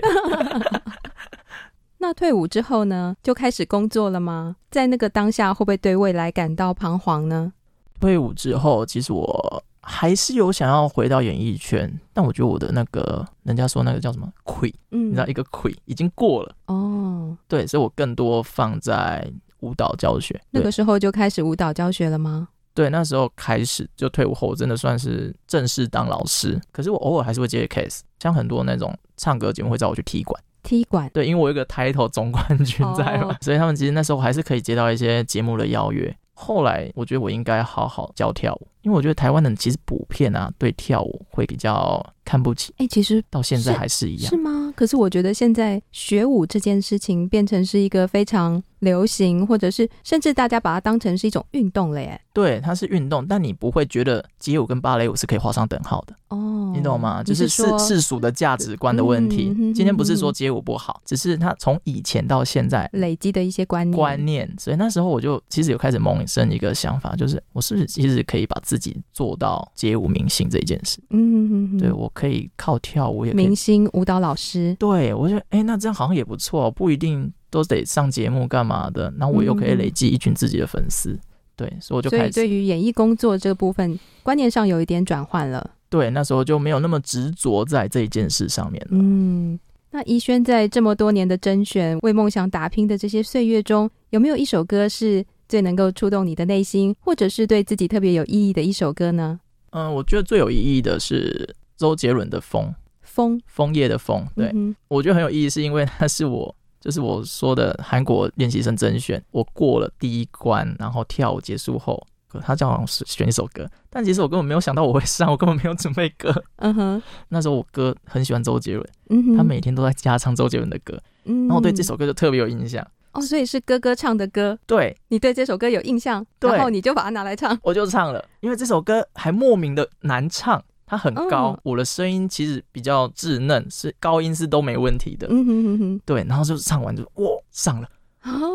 那退伍之後呢，就開始工作了嗎？在那個當下，會不會對未來感到彷徨呢？
退伍之後，其實我。還是有想要回到演藝圈，但我覺得我的那個人家說那個叫什麼“虧、嗯”，你知道一個“虧”已經過了哦。對，所以我更多放在舞蹈教學。那個
時候就開始舞蹈教學了嗎？
對，那時候開始就退伍後，我真的算是正式當老師。可是我偶爾還是會接 case，像很多那種唱歌節目會找我去踢館。踢館？對，因為我有個 title 總冠軍在嘛，哦。所以他們其實那時候還是可以接到一些節目的邀約。後來我覺得我應該好好教跳舞。因為我覺得台灣人其實普遍啊，對跳舞會比較看不起哎，、欸，其實到現在還是一樣是，是嗎？
可是我覺得現在學舞這件事情變成是一個非常流行，或者是甚至大家把它當成是一種運動了耶。
對，它是運動，但你不會覺得街舞跟芭蕾舞是可以畫上等號的哦。你懂嗎？就是世是世俗的價值觀的問題。嗯嗯嗯嗯，今天不是說街舞不好，只是它從以前到現在累
積的一些觀念。觀
念。所以那時候我就其實有開始萌生一個想法，就是我是不是其實可以把自己做到街舞明星這一件事？嗯
嗯嗯。嗯嗯，對
我。可以靠跳舞，也可以明
星舞蹈老師。對，
我覺得，哎、欸，那這樣好像也不錯，不一定都得上節目幹嘛的。那我又可以累積一群自己的粉絲，嗯、對，所以我就開始對
於演藝工作這個部分觀念上有一點轉換了。
對，那時候就沒有那麼執着在這一件事上面了。
嗯，那宜軒在這麼多年的徵選、為夢想打拼的這些歲月中，有沒有一首歌是最能夠觸動你的內心，或者是對自己特別有意義的一首歌呢？嗯、呃，
我覺得最有意義的是。周杰倫的《楓》，楓楓楓葉的楓，對，嗯、哼我覺得很有意義，是因為他是我，就是我說的韓國練習生甄選，我過了第一關，然後跳舞結束後，他就好像是選一首歌，但其實我根本沒有想到我會上，我根本沒有準備歌。嗯哼，那時候我哥很喜歡周杰倫，嗯、哼他每天都在家唱周杰倫的歌，嗯、然後我對這首歌就特別有印象。
哦，所以是哥哥唱的歌，對你對這首歌有印象，對然後你就把它拿來唱，
我就唱了，因為這首歌還莫名的難唱。它很高，嗯、我的聲音其實比較稚嫩，是高音是都沒問題的。嗯哼哼哼，對，然後就唱完就哇上了，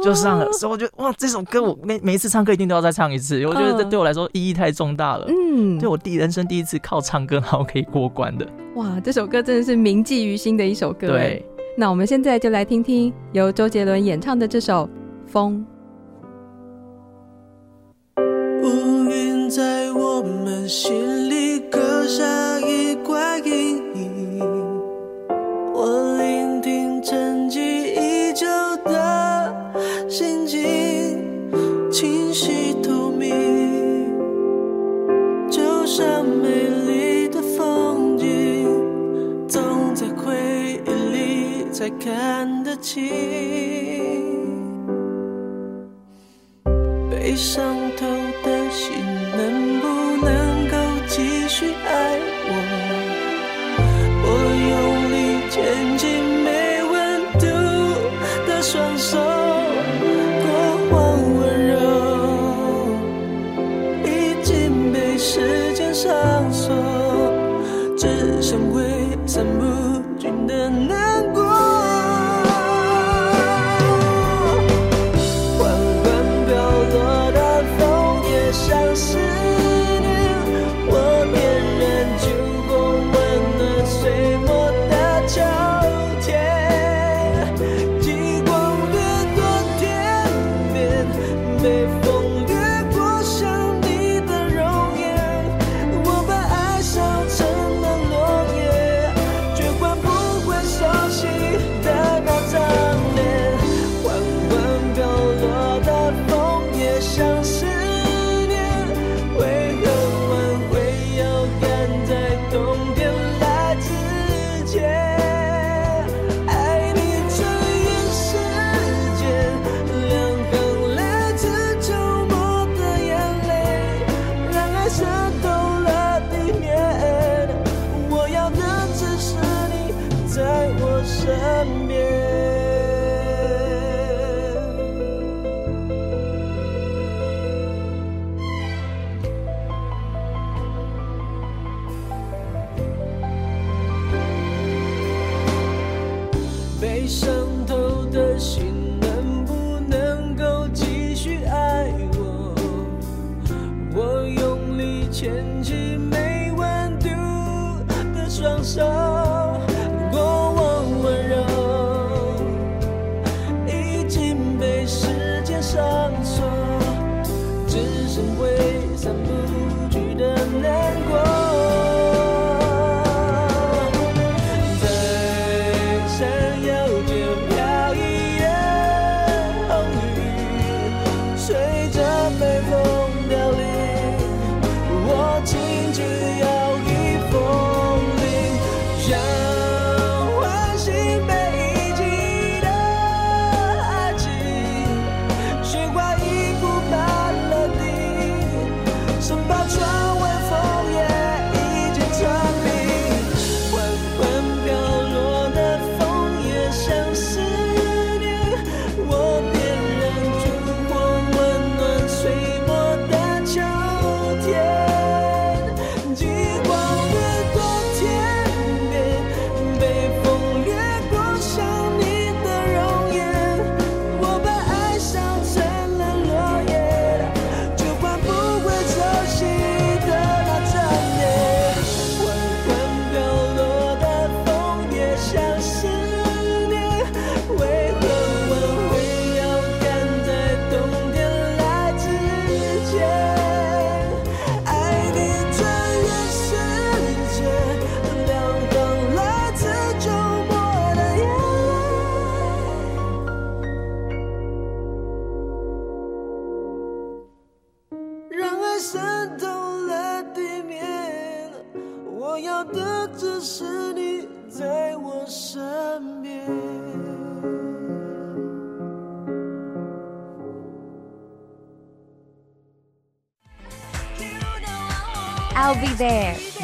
就上了，蛤所以我覺得哇這首歌我每每一次唱歌一定都要再唱一次，嗯、我覺得這對我來說意義太重大了。嗯，對，我第一人生第一次靠唱歌然後可以過關的。
哇，這首歌真的是銘記於心的一首歌。對，那我們現在就來聽聽由周杰倫演唱的這首《風》。
在我們心裡刻下一塊陰影。我聆聽沉寂已久的心情，清晰透明，就像美麗的風景，總在回憶裡才看得清。悲傷。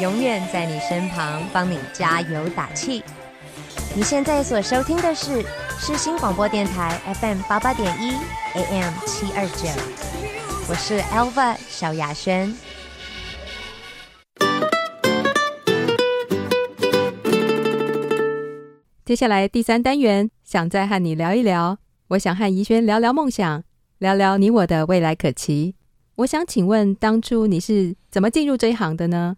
永遠在你身旁，幫你加油打氣。你現在所收聽的是世新廣播電台 FM 八八點一 AM 七二九，我是 Elva 小雅軒。
接下來第三單元，想再和你聊一聊。我想和宜軒聊聊夢想，聊聊你我的未來可期。我想請問，當初你是怎麼進入這一行的呢？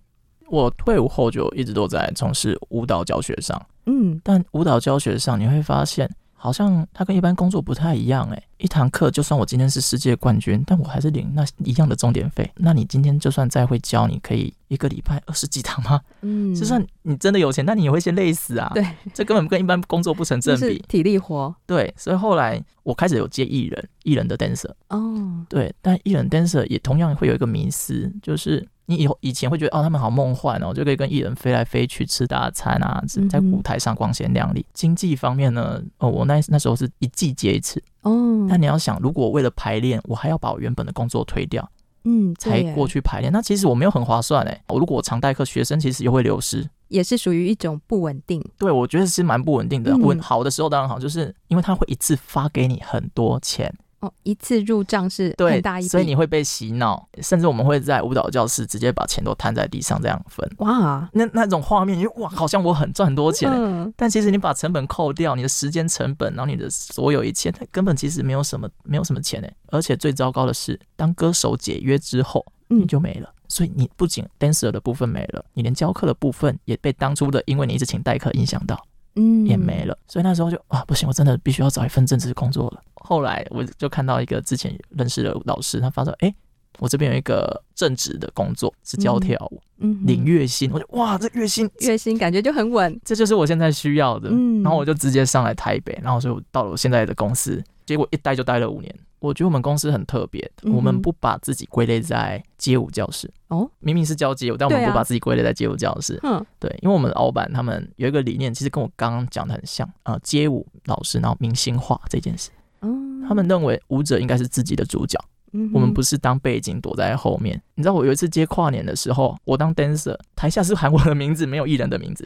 我退伍後就一直都在從事舞蹈教學上，嗯，但舞蹈教學上你會發現，好像它跟一般工作不太一樣、欸。誒，一堂課就算我今天是世界冠軍，但我還是領那一樣的鐘點費。那你今天就算再會教，你可以一個禮拜二十幾堂嗎？嗯，就算你真的有錢，那你也會先累死啊。對，這根本跟一般工作不成正比，是體力活。對，所以後來我開始有接藝人，藝人的 dancer。
哦，
對，但藝人 dancer 也同樣會有一個迷思，就是。你以以前會覺得哦，他們好夢幻哦，就可以跟藝人飛來飛去吃大餐啊，在舞台上光鮮亮麗。嗯、經濟方面呢，哦，我那那時候是一季結一次哦。那你要想，如果為了排練，我還要把我原本的工作推掉，嗯，
才過
去排練。那其實我沒有很划算哎。我如果我常代課，學生其實也會流失，
也是屬於一種不穩定。
對，我覺得是蠻不穩定的。穩好的時候當然好，就是因為他會一次發給你很多錢。
哦，一次入賬是很大一筆，所以你
會被洗腦，甚至我們會在舞蹈教室直接把錢都攤在地上這樣分。哇，那那種畫面，哇，好像我很賺很多錢。嗯。但其實你把成本扣掉，你的時間成本，然後你的所有一切，它根本其實沒有什麼，沒有什麼錢嘞。而且最糟糕的是，當歌手解約之後，嗯。你就沒了。所以你不僅 dancer 的部分沒了，你連教課的部分也被當初的因為你一直請代課影響到。嗯，也沒了，所以那時候就啊，不行，我真的必須要找一份正職工作了。後來我就看到一個之前認識的老師，他發說，哎、欸，我這邊有一個正職的工作，是教跳舞，嗯，嗯，領月薪，我就
哇，這月薪月薪感覺就很穩，
這就是我現在需要的。然後我就直接上來台北，然後就到了我現在的公司，結果一待就待了五年。我覺得我們公司很特別，我們不把自己歸類在街舞教室。哦，明明是教街舞，但我們不把自己歸類在街舞教室。嗯，對，啊、對，因為我們老闆他們有一個理念，其實跟我剛剛講的很像啊、呃，街舞老師然後明星化這件事，嗯，他們認為舞者應該是自己的主角。 我們不是當背景，躲在後面，你知道我有一次接跨年的時候，我當 dancer，台下是喊我的名字，沒有藝人的名字，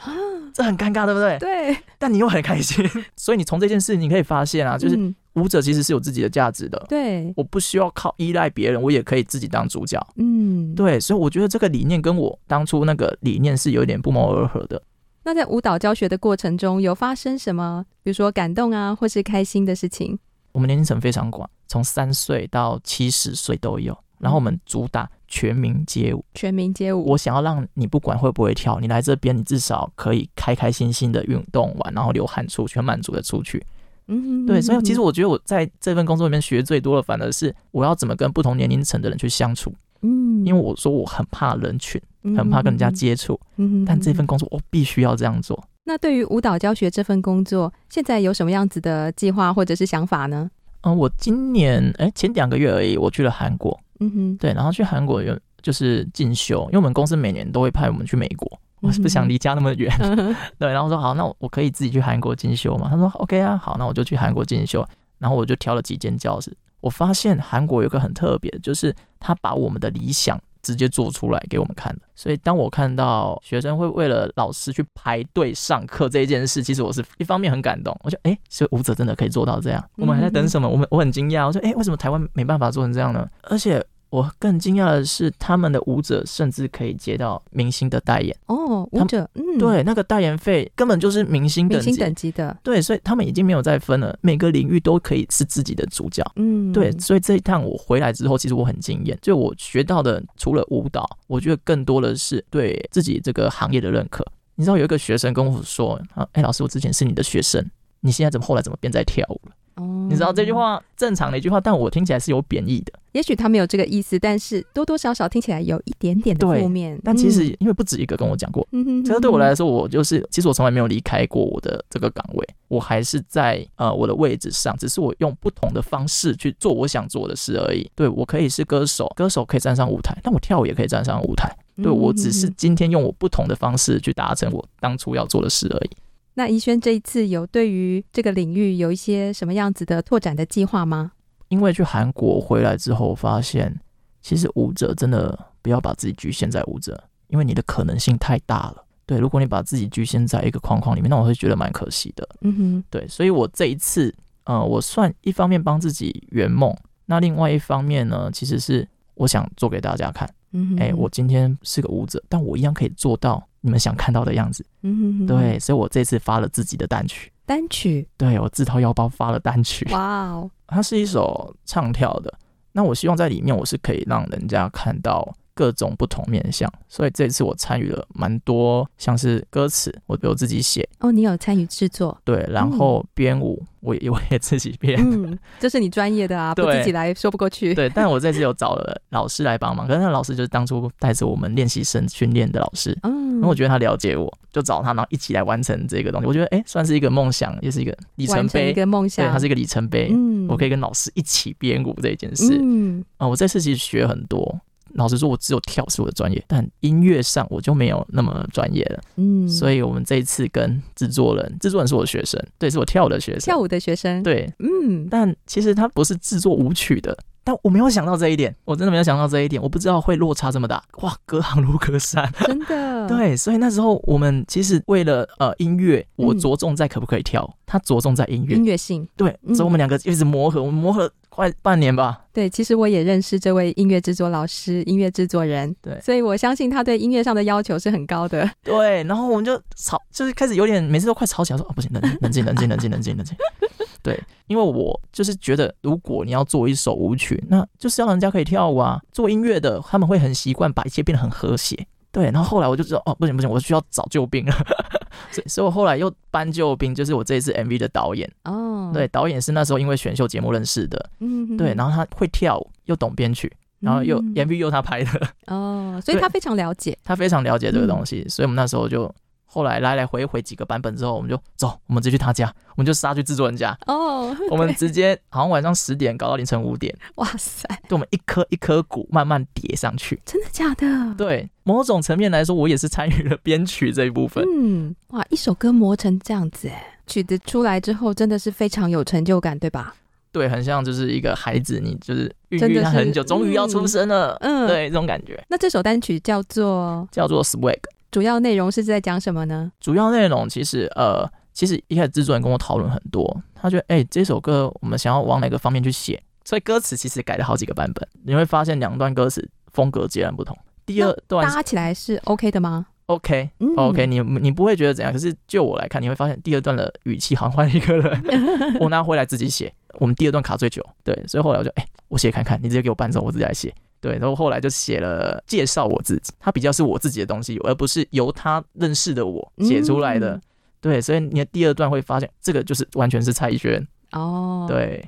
這很尷尬，對不對？對。但你又很開心，所以你從這件事你可以發現啊，就是舞者其實是有自己的價值的。對。我不需要靠依賴別人，我也可以自己當主角。嗯。對。所以我覺得這個理念跟我當初那個理念是有一點不謀而合的。
那在舞蹈教學的過程中，有發生什麼，比如說感動啊，或是開心的事情？
我們年齡層非常廣。從三歲到七十歲都有，然後我們主打全民街舞，全民街舞。我想要讓你不管會不會跳，你來這邊，你至少可以開開心心的運動完，然後流汗出，全滿足的出去。
嗯，對。所以其
實我覺得我在這份工作裡面學最多的，反而是我要怎麼跟不同年齡層的人去相處。嗯，因為我說我很怕人群，很怕跟人家接觸。嗯，
但這份
工作我必須要這樣做。
那對於舞蹈教學這份工作，現在有什麼樣子的計劃或者是想法呢？
嗯、呃，我今年哎、欸、前兩個月而已，我去了韓國。嗯哼，對，然後去韓國有，就是進修，因為我們公司每年都會派我們去美國，
我是不想
離家那麼遠。嗯、哼 對，然後我說好，那我我可以自己去韓國進修嘛？他說 OK 啊，好，那我就去韓國進修。然後我就挑了幾間教室，我發現韓國有個很特別，就是他把我們的理想。直接做出來給我們看的，所以當我看到學生會為了老師去排隊上課這一件事，其實我是一方面很感動，我說哎、欸，是舞者真的可以做到這樣，我們還在等什麼？我們我很驚訝，我說哎、欸，為什麼台灣沒辦法做成這樣呢？而且。我更驚訝的是，他們的舞者甚至可以接到明星的代言
哦，舞者，嗯，對，
那個代言費根本就是明星明星等級的，對，所以他們已經沒有再分了，每個領域都可以是自己的主角，嗯，對，所以這一趟我回來之後，其實我很驚艷，就我學到的除了舞蹈，我覺得更多的是對自己這個行業的認可。你知道有一個學生跟我說啊，哎，老師，我之前是你的學生，你現在怎麼後來怎麼變在跳舞了？哦，你知道這句話正常的一句話，但我聽起來是有貶義的。
也許他沒有這個意思，但是多多少少聽起來有一點點的負面。對。但其實
因為不止一個跟我講過，其實、嗯、對我來說，我就是其實我從來沒有離開過我的這個崗位，我還是在呃我的位置上，只是我用不同的方式去做我想做的事而已。對，我可以是歌手，歌手可以站上舞台，但我跳舞也可以站上舞台。對，我只是今天用我不同的方式去達成我當初要做的事而已。
那宜軒這一次有對於這個領域有一些什麼樣子的拓展的計劃嗎？
因為去韓國回來之後，我發現其實舞者真的不要把自己局限在舞者，因為你的可能性太大了。對，如果你把自己局限在一個框框裡面，那我會覺得蠻可惜的。嗯哼，對，所以我這一次，呃，我算一方面幫自己圓夢，那另外一方面呢，其實是我想做給大家看。哎、欸，我今天是個舞者，但我一樣可以做到你們想看到的樣子。嗯哼哼，對，所以我這次發了自己的單曲。單曲，對，我自掏腰包發了單曲。哇哦 Wow，它是一首唱跳的。那我希望在裡面，我是可以讓人家看到，各種不同面向，所以這一次我參與了蠻多，像是歌詞，我有自己寫。哦，
你有參與制作？
對，然後編舞，嗯、我也我也自己編。嗯，
這是你專業的啊，不自己來對說不過去。對，但我
這次有找了老師來幫忙，可是那老師就是當初帶着我們練習生訓練的老師。嗯，然後我覺得他了解我，就找他，然後一起來完成這個東西。我覺得，哎、欸，算是一個夢想，也是一個里程碑，一個夢想。對，他是一個里程碑。嗯，我可以跟老師一起編舞這一件事。嗯，啊、呃，我這次其實學很多。老實說，我只有跳是我的專業，但音樂上我就沒有那麼專業了。嗯，所以我們這一次跟制作人，制作人是我的學生，對，是我跳的學生，跳
舞的學生，
對，嗯。但其實他不是制作舞曲的，但我沒有想到這一點，我真的沒有想到這一點，我不知道會落差這麼大。哇，隔行如隔山，真的。 對，所以那時候我們其實為了呃音樂，我着重在可不可以跳，他着重在音樂，音樂性。對，所以，嗯、我們兩個一直磨合，我們磨合，快半年吧。
對，其實我也認識這位音樂製作老師、音樂製作人。對，所以我相信他對音樂上的要求是很高的。
對，然後我們就吵，就是開始有點，每次都快吵起來說，說啊，不行，冷冷靜，冷靜，冷靜，冷靜，冷靜。 對，因為我就是覺得，如果你要做一首舞曲，那就是要人家可以跳舞啊。做音樂的他們會很習慣把一切變得很和諧。對，然後後來我就知道哦，不行不行，我需要找救兵了，所所以，所以我後來又搬救兵，就是我這一次 MV 的導演。哦，對，導演是那時候因為選秀節目認識的。嗯哼，對，然後他會跳舞，又懂編曲，然後又、嗯、MV 又他拍的。哦，
所以他非常了解。
他非常了解這個東西，嗯、所以我們那時候就。後來來來回回幾個版本之後，我們就走，我們直接去他家，我們就殺去制作人家。哦，oh,
okay. 我們直
接好像晚上十點搞到凌晨五點，哇塞，給我們一顆一顆鼓慢慢疊上去。真的假的？對，某種層面來說，我也是參與了編曲這一部分。
嗯，哇，一首歌磨成這樣子，欸，曲子出來之後真的是非常有成就感，對吧？
對，很像就是一個孩子，你就是孕育了很久，終於、嗯、要出生了。嗯，對，這種感覺。
那這首單曲叫做
叫做 Swag。
主要內容是在講什麼呢？
主要內容其實，呃，其實一開始制作人跟我討論很多，他覺得，哎、欸，這首歌我們想要往哪個方面去寫，所以歌詞其實改了好幾個版本。你會發現兩段歌詞風格截然不同。第二段搭
起來是 OK 的嗎
？OK，OK，okay, okay, 你你不會覺得怎樣？可是就我來看，你會發現第二段的語氣好像換一個人。我拿回來自己寫， 我們第二段卡最久，對，所以後來我就，哎、欸，我寫看看，你直接給我伴奏，我自己來寫。對，然後後來就寫了介紹我自己，他比較是我自己的東西，而不是由他認識的我寫出來的。嗯、對，所以你的第二段會發現，這個就是完全是蔡宜軒
哦。對，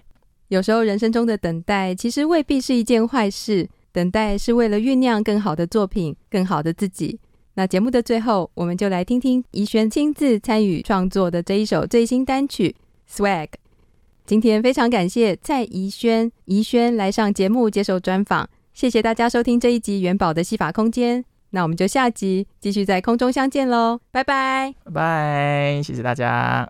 有時候人生中的等待其實未必是一件壞事，等待是為了醞釀更好的作品、更好的自己。那節目的最後，我們就來聽聽宜軒親自參與創作的這一首最新單曲《Swag》。今天非常感謝蔡宜軒宜軒來上節目接受專訪。謝謝大家收聽這一集《媛寶的戲法空間》，那我們就下集繼續在空中相見嘍，拜拜
拜拜，謝謝大家。